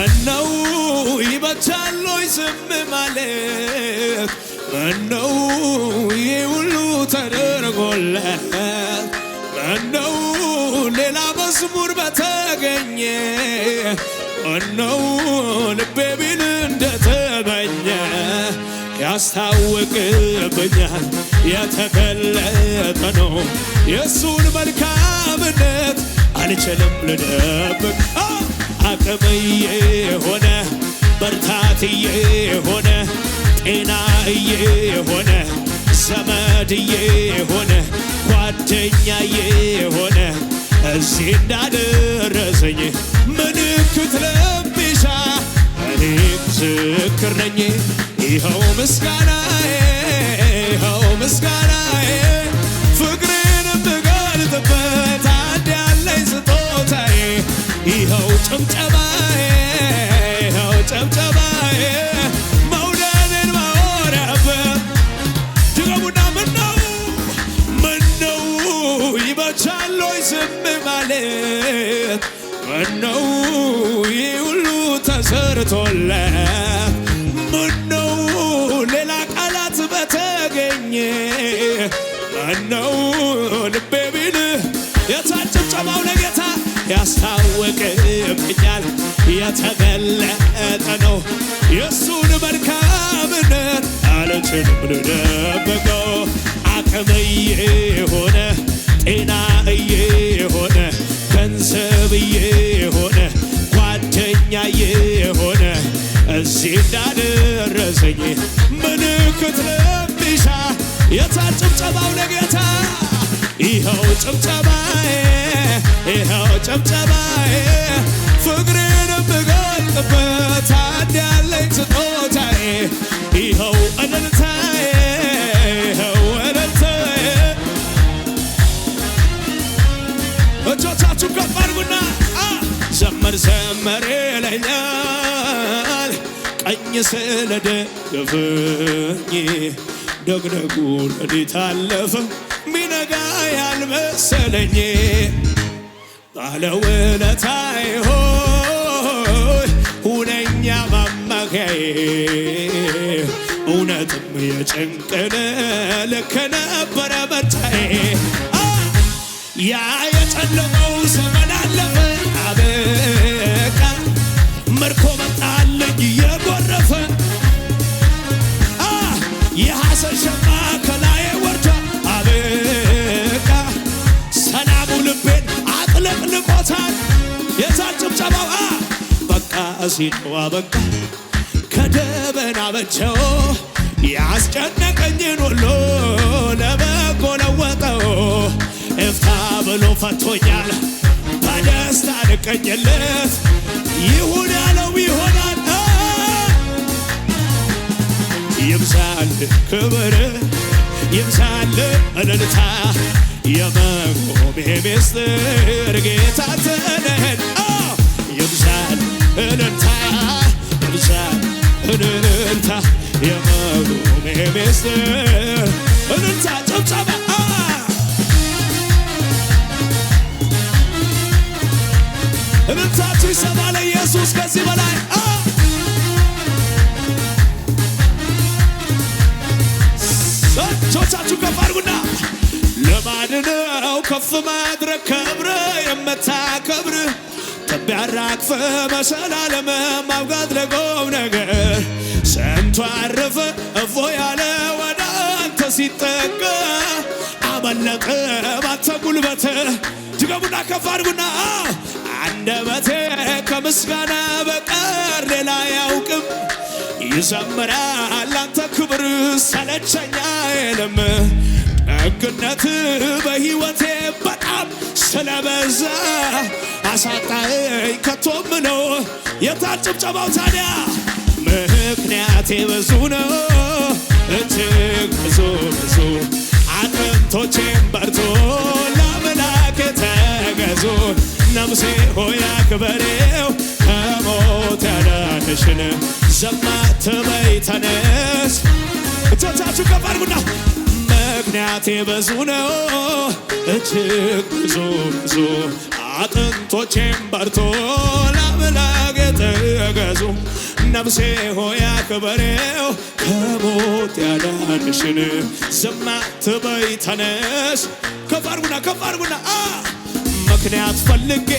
ምነው ይበቻል ሆይ ዝም ማለት ምነው ይህ ሁሉ ተደርጎለት ምነው ሌላ መዝሙር በተገኘ ምነው ልቤ ቢል እንደተመኘ ያስታውቅብኛል የተገለጠ ነው የእሱን መልካምነት አልችልም ልደብቅ አቅምዬ ሆነ በርታትዬ ሆነ ጤናዬ ሆነ ዘመድዬ ሆነ ጓደኛዬ ሆነ እዚህ እንዳደረሰኝ ምልክት ለብሻ እኔም ዝክር ነኝ ይኸው ምስጋና ይኸው ምስጋናዬ ጭብጨባዬ ነው ጭብጨባዬ ምነው ወይ ማለት ምነው ይህ ሁሉ ተሰርቶለት ምነው ሌላ ቃላት በተገኘ ምነው ልቤ የታ ለጌታ ያስታወቀ የበለጠ ነው የእሱን መልካምነት አልችልም ልደብቀው አቅም እየሆነ ጤና እየሆነ ገንዘብ እየሆነ ጓደኛ እየሆነ እዚህ እንዳደረሰኝ ምልክት ለሚሻ የታ ጭብጨባው ለጌታ ይኸው ጭብጨባዬ ይኸው ጭብጨባዬ ሳልቅበት አዳለኝ ስጦታዬ ይኸው እልልታዬ ይኸው እልልታዬ እጆቻችሁ ከፍ አድርጉና ቀኝ ስለደገፈኝ ደግደጉ ሌሊት አለፈ ሚነጋ ያልመሰለኝ ባለውለታ ይሆን እረኛ ማማካዬ እውነትም የጭንቅን ልክ ነበረ ምርጫዬ ሲጦ አበቃ ከደበና አበቸው ያስጨነቀኝን ሁሉ ለበጎ ለወጠው እፍታ ብሎ ፈቶኛል በደስታ ልቀኝለት ይሁን ያለው ይሆናል ይብዛል ክብር ይብዛል እልልታ የመቆሜ ምስጢር ጌታ ትነህን እንንታ ብቻ እንንታ የመሩን ሚስጥር እንንታ ጭብጨባ እንንታችሁ ይሰማል ኢየሱስ ከዚህ በላይ እጆቻችሁ ከፍ አድርጉና ለማድነው ከፍ ማድረግ ከብረ የምታከብር ተደገፈ መሰላለም ማብጋት ለቆም ነገር ሰምቶ አረፈ እፎ ያለ ወደ አንተ ሲጠጋ አመለጠ ባተ ጉልበተ ጅገቡና ከፍ አድርጉና አንደበቴ ከምስጋና በቀር ሌላ ያውቅም ይዘምራል አንተ ክብር ሰለቸኛ የለም ደግነት በሕይወቴ ስለበዛ አሳጣይ ከቶም ነው የታች ታዲያ ምክንያቴ ብዙ ነው እጅግ ብዙ ብዙ አጥንቶቼም በርቶ ለአምላክ ተገዙ ነፍሴ ሆይ አክብሬው ከሞት ያዳነሽን ዘማ ትበይ ተነስ እጆቻችሁ ከፍ አድርጉና ምክንያቴ ብዙ ነው እጅግ ብዙ ብዙ አጥንቶቼም በርቶ ለአምላክ የተገዙ ነፍሴ ሆይ አክብሬው ከሞት ያዳንሽን ዝም አትበይ ተነሽ ከፍ አድርጉና ምክንያት ፈልጌ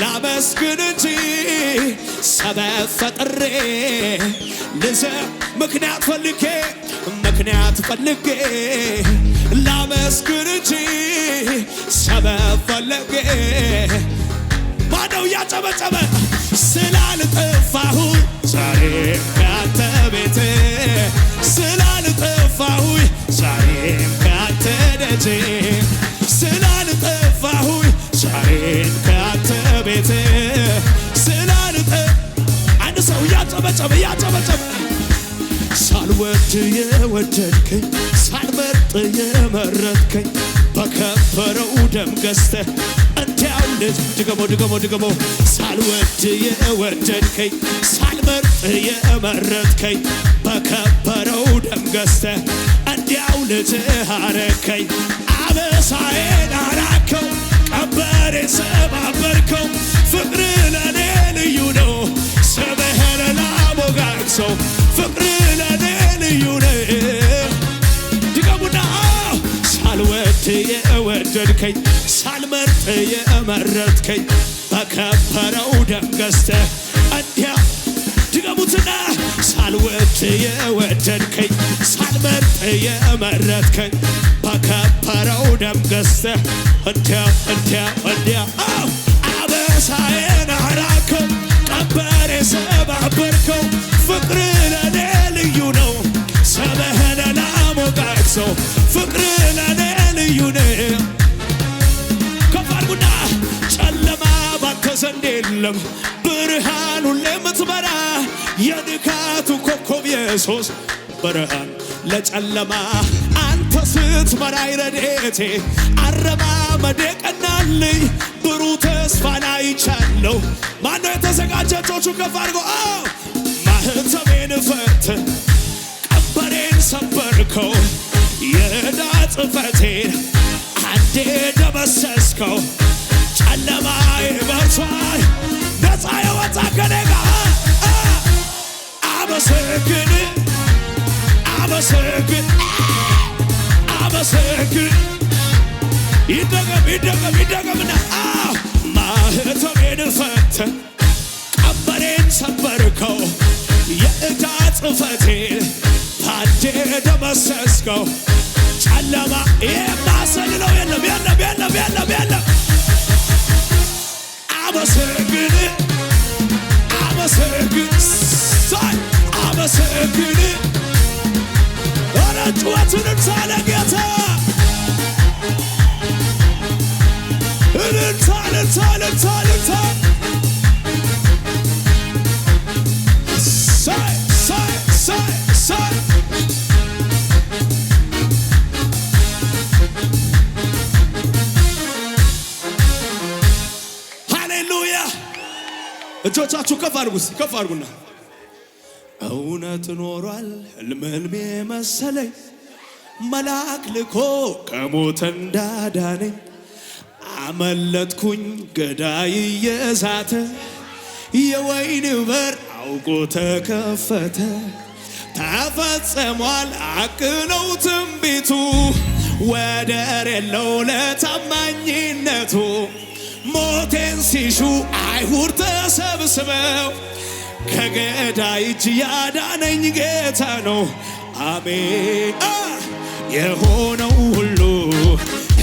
ላመስግን እንጂ ሰበብ ፈጥሬ ልዘ ምክንያት ፈልጌ ምክንያት ፈልጌ ላመስግን እንጂ ሰበብ ፈልጌ ማነው እያጨበጨበ ስላልጠፋሁ ዛሬ ካንተ ቤቴ ስላልጠፋሁ ዛሬ ካንተ ደጄ ስላልጠፋሁ ዛሬ ካንተ ቤቴ ስላልጠ አንድ ሰው እያጨበጨበ እያጨበጨበ ሳልወድ የወደድከኝ ሳልመርጥ የመረጥከኝ በከበረው ደም ገዝተህ እንዲያው ልጅ ድገሞ ድገሞ ድገሞ ሳልወድ የወደድከኝ ሳልመርጥ የመረጥከኝ በከበረው ደም ገዝተ እንዲያው ልጅ አረከኝ አበሳዬን አራከው ቀንበሬ ሰባበርከው ፍቅር ለኔ ልዩ ነው ስምህን ላሞጋግሰው ፍቅር ልዩነ ድገሙና ሳልወድ የወደድከኝ ሳልመርጥ የመረጥከኝ በከበረው ደም ገዝተህ እንዲያ ድገሙትና ሳልወድ የወደድከኝ ሳልመርጥ የመረጥከኝ በከበረው ደም ገዝተህ እንዲያ እንዲያ እንዲያ አበሳዬን አራከ የለም ብርሃኑን ለምትበራ የድካቱ ኮከብ ኢየሱስ ብርሃን ለጨለማ አንተ ስትመራኝ ረድኤቴ አረማመዴ ቀናልኝ ብሩህ ተስፋን አይቻለሁ። ማነው የተዘጋጀ? እጆቹን ከፍ አድርጎ ማህተቤን ፈትህ ቀንበሬን ሰበርከው የዕዳ ጽሕፈቴን አንዴ ደመሰስከው ጨለማይ በርሷል ነፃ የወጣ ከኔጋ አመሰግን አመሰግን አመሰግን ይደገም ይደገም ይደገምና ማህተቤን ፈተ ቀንበሬን ሰበርከው የእዳ ጽፈቴ ታዴ ደመሰስከው ጨለማ ይህ ማሰልለው የለም የለም የለም የለም የለም አመሰግን አመሰግን ሳይ አመሰግን ጩኸትንም ሳለ ጌታ እልልታ እልልታ እልልታ እልልታ ከፍ አድርጉ፣ ከፍ አድርጉና እውነት ኖሯል ህልም ህልሜ መሰለኝ መልአክ ልኮ ከሞት እንዳዳነኝ አመለጥኩኝ ገዳይ የዛተ የወይን በር አውቆ ተከፈተ። ተፈጸሟል አቅነው ትንቢቱ ወደር የለው ለታማኝነቱ ሞቴን ሲሹ አይሁድ ተሰብስበው ከገዳይ እጅ ያዳነኝ ጌታ ነው። አሜን። የሆነው ሁሉ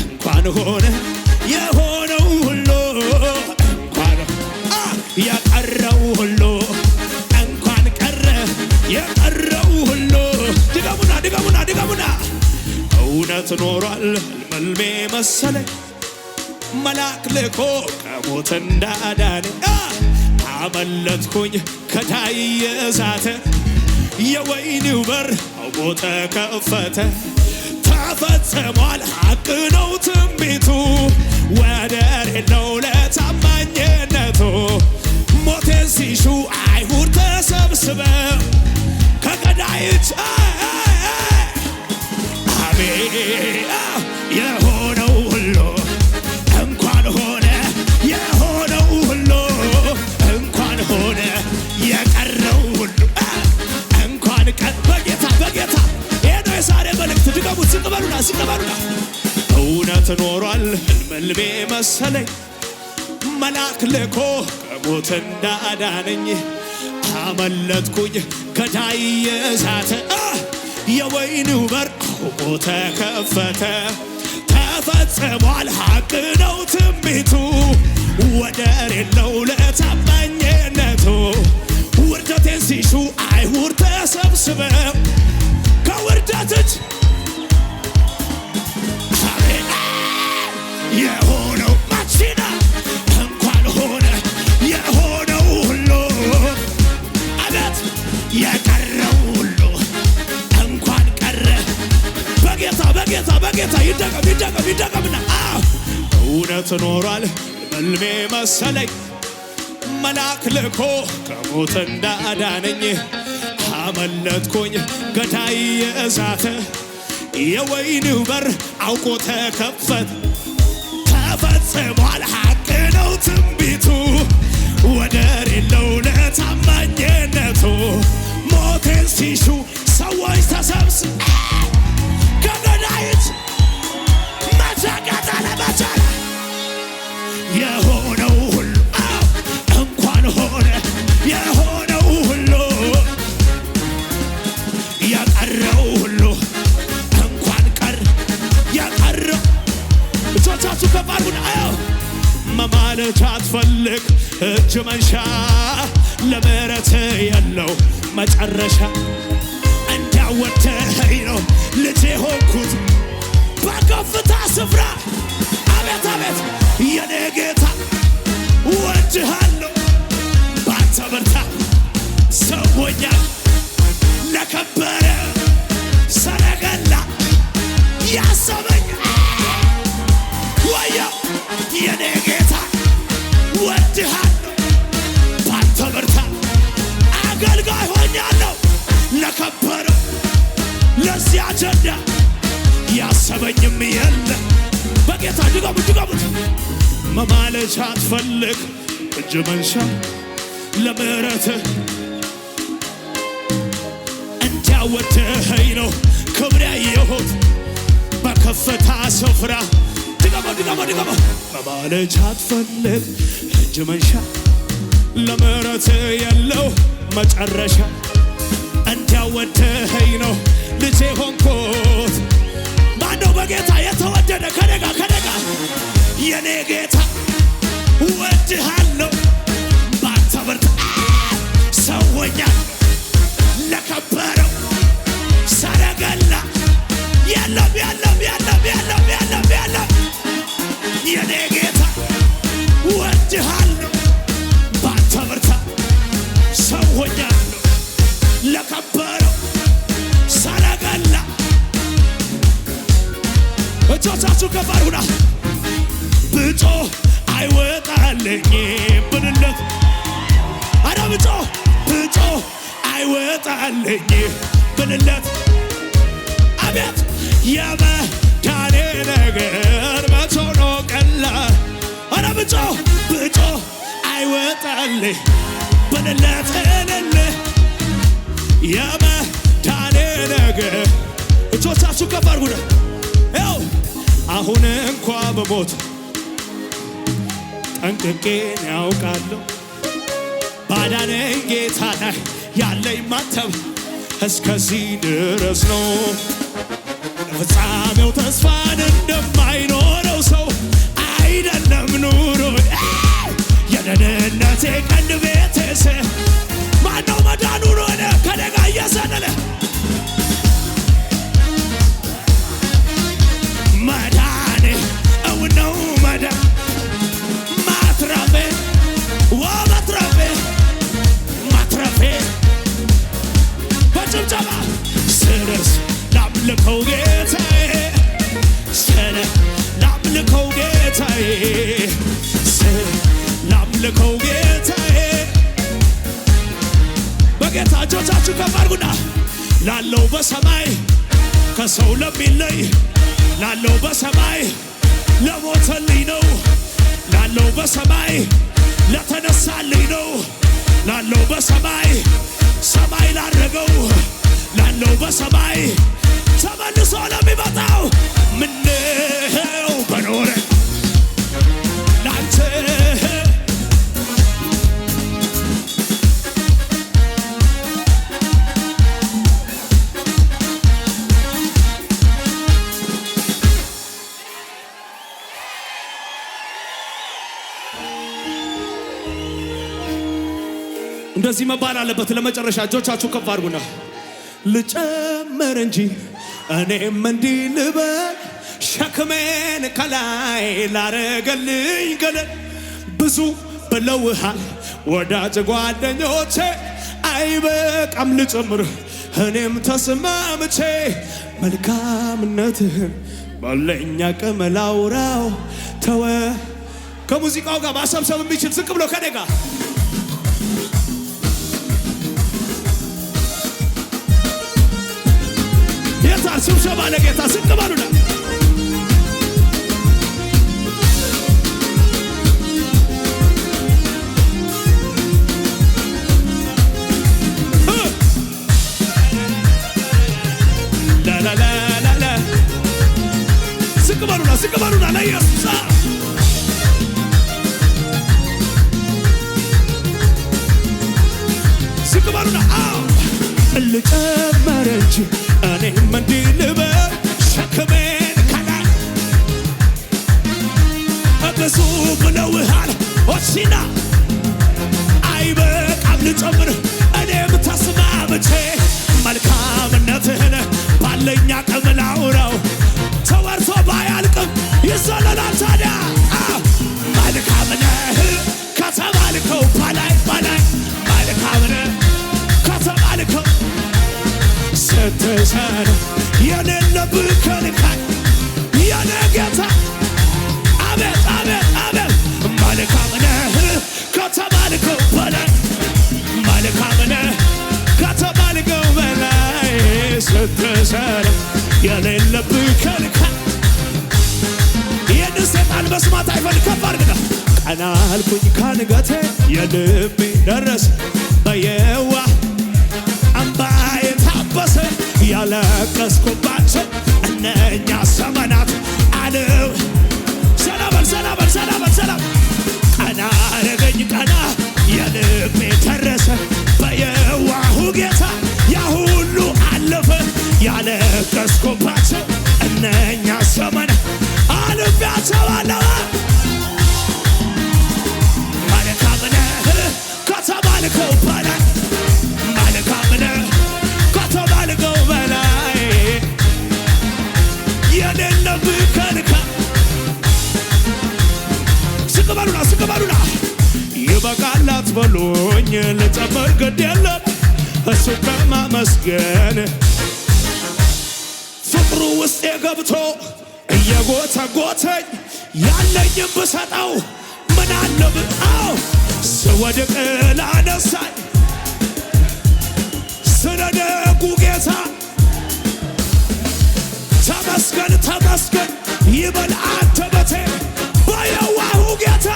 እንኳን ሆነ፣ የሆነው ሁሉ እንኳን የቀረው ሁሉ እንኳን ቀረ፣ የቀረው ሁሉ ድገሙና ድገሙና ድገሙና እውነት ኖሯል። መልሜ መሰለኝ መልአክ ልኮ ከሞት እንዳዳነ አመለጥኩኝ ከታየ እሳተ የወይኒው በር አውቆ ከፈተ ተፈጽሟል ሐቅ ነው ትንቢቱ ወደር የለው ለታማኝነቱ ሞቴን ሲሹ አይሁድ ተሰብስበው ከገዳይ እጅ አሜን ድገሙ። ዝቅ በሉና እውነት ኖሯል ህልሜ መሰለኝ መልአክ ልኮ ከሞት እንዳዳነኝ አመለጥኩኝ ከዳይ የእሳት የወይኑ በር አሁን ተከፈተ። ተፈጽሟል ሐቅ ነው ትንቢቱ ወደር የለው ለታማኝነቱ ውርደቴን ሲሹ አይሁድ ተሰብስበ። ከውርደት የሆነው ማችና እንኳን ሆነ የሆነው ሁሉ የቀረው ሁሉ እንኳን ቀረ። በጌታ በጌታ በጌታ ይደገም ይደገም ይደገምና እውነት ኖሯል በልሜ መሰለኝ መልአክ ልኮ ከሞት እንዳዳነኝ አመለጥኩኝ ገዳይ የእሳት የወይን በር አውቆ ተከፈተ። ተፈጽሟል። ሐቅ ነው ትንቢቱ ወደር የለው ለታማኝነቱ ሞትን ሲሹ ሰዎች ተሰብስ ከገዳይት እጅ መንሻ ለምሕረት ያለው መጨረሻ አጀንዳ ያሰበኝም የለ በጌታ ድገሙ ድገሙት። መማለቻ አትፈልግ እጅ መንሻ ለምሕረትህ እንዳወደኸኝ ነው ክብሬ የሆት በከፍታ ስፍራ ድገሙ ድገሙ ድገሙ። መማለቻ አትፈልግ እጅ መንሻ ለምሕረትህ የለው መጨረሻ እንዳወደኸኝ ነው ሆንኩት። ማነው በጌታ የተወደደ? ከደጋ ከደጋ የኔ ጌታ ወድሃለው ባንተ ብርታት ሰውኛል ለከበረው ሰረገላ የለም የለም የለም የለም የለም የለም የኔ ጌታ እጆቻችሁ ከፍ አድርጉና ብጮ አይወጣለኝ ብንለት አዳ ብጮ ብጮ አይወጣለኝ ብንለት አቤት የመዳኔ ነገር መቼ ነው ቀላል አዳ ብጮ ብጮ አይወጣለኝ ብንለት እልል የመዳኔ ነገር እጆቻችሁ ከፍ አድርጉና አሁን እንኳ በሞት ጠንቅቄን ያውቃለሁ ባዳነኝ ጌታ ላይ ያለኝ ማተብ እስከዚህ ድረስ ነው። ፍጻሜው ተስፋን እንደም ከሰው ለሚለይ ላለው በሰማይ ለሞተልኝ ነው ላለው በሰማይ ለተነሳልኝ ነው ላለው በሰማይ ሰማይ ላረገው ላለው በሰማይ ተመልሶ ለሚመጣው ምነው በኖረ ላንተ እንደዚህ መባል አለበት። ለመጨረሻ እጆቻችሁ ከፍ አድርጉና ልጨምር እንጂ እኔም እንዲህ ልበል ሸክሜን ከላይ ላረገልኝ ገለል ብዙ ብለውሃል ወዳጅ ጓደኞቼ አይበቃም ልጨምር እኔም ተስማምቼ መልካምነትህን ባለኛ አቅም ላውራው ተወ ከሙዚቃው ጋር ማሰብሰብ የሚችል ዝቅ ብሎ ከኔ ጋር ስብሰባ ለጌታ ስቅ በሉና ይበቃል አትበሉኝ፣ ልጨምር ግድ የለም እሱ ከማመስገን ፍቅሩ ውስጥ የገብቶ እየጎተጎተኝ ያለኝም ብሰጠው ምን አለ ብጣው ስወድቅ ላነሳኝ ስለ ጌታ ተመስገን ተመስገን ይበል አንደበቴ በየዋሁ ጌታ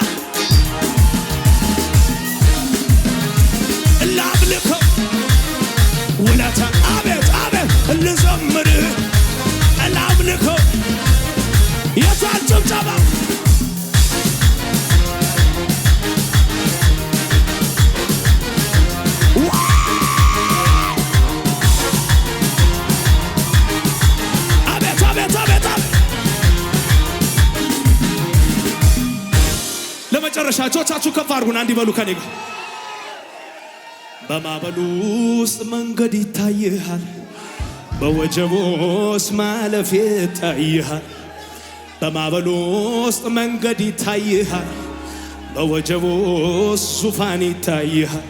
በሉሻ እጆቻችሁ ከፍ አድርጉና እንዲበሉ ከኔ ጋር በማዕበሉ ውስጥ መንገድ ይታይሃል፣ በወጀቦስ ውስጥ ማለፍ ይታይሃል። በማዕበሉ ውስጥ መንገድ ይታይሃል፣ በወጀቦስ ውስጥ ዙፋን ይታይሃል።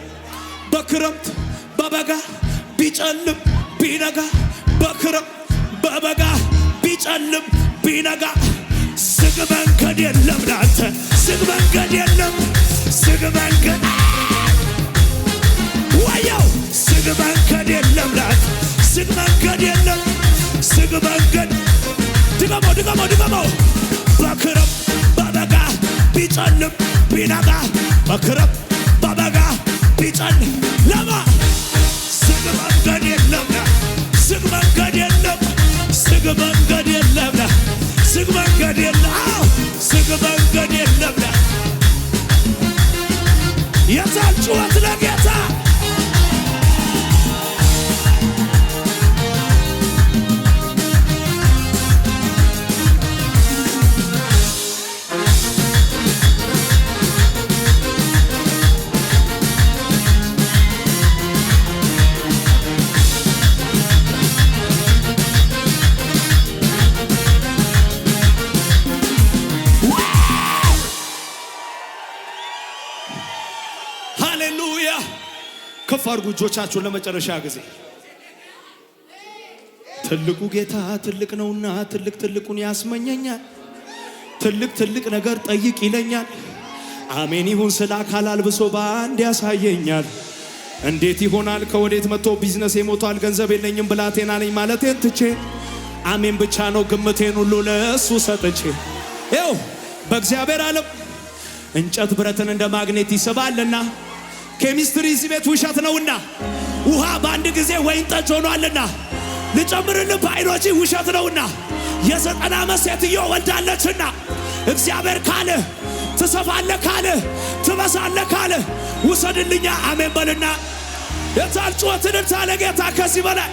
በክረምት በበጋ ቢጨልም ቢነጋ፣ በክረምት በበጋ ቢጨልም ቢነጋ መንገድ የለም ላንተ ዝግ መንገድ የለም ዝግ መንገድ ወየው ዝግ መንገድ የለም ላንተ ዝግ መንገድ የለም ዝግ መንገድ ድገሞ ድገሞ ድገሞ በክረም በበጋ ቢጨልም ቢነጋ በክረም በበጋ ቢጨልም ለማ ዝግ መንገድ የለም ዝግ መንገድ የለም ዝግ መንገድ የለም ዝግ መንገድ የለም ዝግ መንገድ የለም። የታ ጩኸት ለጌታ እጆቻችሁን ለመጨረሻ ጊዜ ትልቁ ጌታ ትልቅ ነውና ትልቅ ትልቁን ያስመኘኛል። ትልቅ ትልቅ ነገር ጠይቅ ይለኛል። አሜን ይሁን ስለ አካል አልብሶ በአንድ ያሳየኛል። እንዴት ይሆናል? ከወዴት መጥቶ ቢዝነስ የሞቷል ገንዘብ የለኝም ብላቴና ነኝ ማለቴን ትቼ አሜን ብቻ ነው ግምቴን ሁሉ ለእሱ ሰጥቼ ይው በእግዚአብሔር ዓለም እንጨት ብረትን እንደ ማግኔት ይስባልና ኬሚስትሪ እዚህ ቤት ውሸት ነውና ውሃ በአንድ ጊዜ ወይን ጠጅ ሆኗልና ልጨምርልን በዓይኖች ውሸት ነውና የዘጠና ዓመት ሴትዮ ወልዳለችና እግዚአብሔር ካለ ትሰፋለ ካለ ትበሳለ ካለ ውሰድልኛ አሜን በልና የታል ታለጌታ ከዚህ በላይ